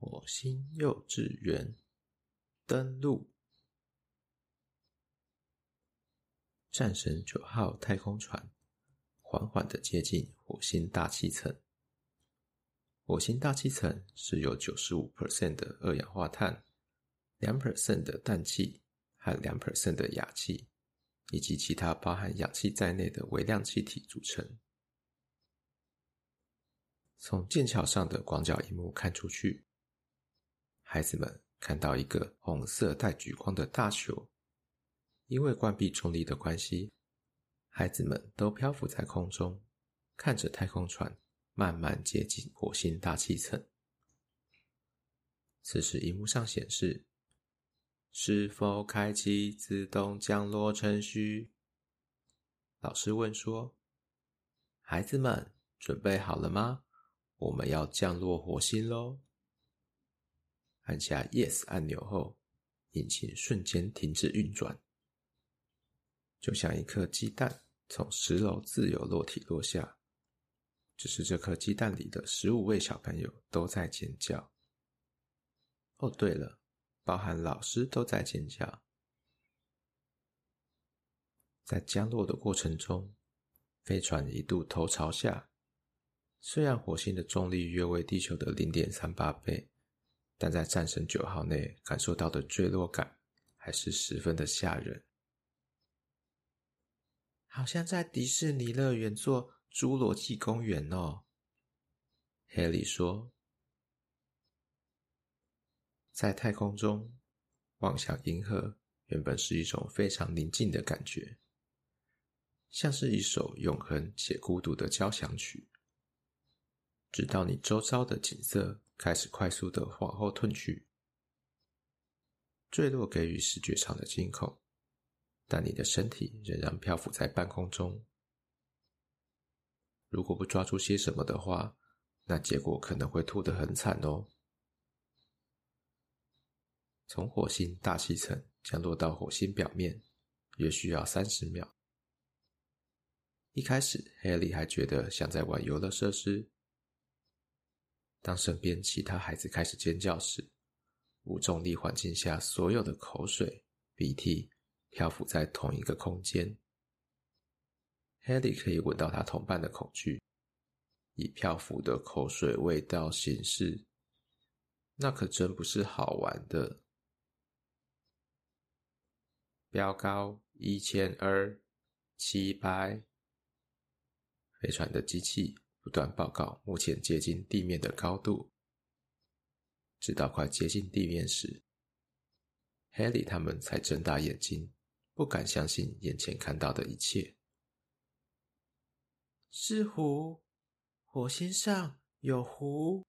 火星幼稚園，登陸。戰神九號太空船緩緩的接近火星大氣層。火星大氣層是由九十五 percent 的二氧化碳，兩 percent 的氮氣和兩 percent 的氬氣。以及其他包含氧氣在內的微量氣體組成。從艦橋上的廣角螢幕看出去，孩子們看到一個紅色帶橘光的大球。因為關閉重力的關係，孩子們都漂浮在空中，看着太空船慢慢接近火星大氣層。此時，熒幕上顯示。是否開啟自動降落程序？老師問說：“孩子們，準備好了嗎？我們要降落火星嘍！”按下 “Yes” 按鈕後，引擎瞬間停止運轉，就像一顆雞蛋從十樓自由落體落下，只、就是這顆雞蛋裡的十五位小朋友都在尖叫。哦，對了。包含老師都在尖叫。在降落的過程中，飛船一度頭朝下。雖然火星的重力約為地球的零點三八倍，但在戰神九號內感受到的墜落感還是十分的嚇人，好像在迪士尼樂園做侏羅紀公園哦。哈利說。在太空中望向銀河，原本是一種非常寧靜的感覺，像是一首永恆且孤獨的交響曲。直到你周遭的景色開始快速的往後褪去，墜落給予視覺上的驚恐，但你的身體仍然漂浮在半空中。如果不抓住些什麼的話，那結果可能會吐得很慘哦。從火星大氣層降落到火星表面，約需要三十秒。一開始，哈 y 還覺得像在玩遊樂設施。當身邊其他孩子開始尖叫時，無重力環境下所有的口水、鼻涕漂浮在同一個空間。哈 y 可以聞到他同伴的恐懼，以漂浮的口水味道形式。那可真不是好玩的。標高一千二七百，飛船的機器不斷報告目前接近地面的高度。直到快接近地面時，Haley 他們才睜大眼睛，不敢相信眼前看到的一切：是湖，火星上有湖。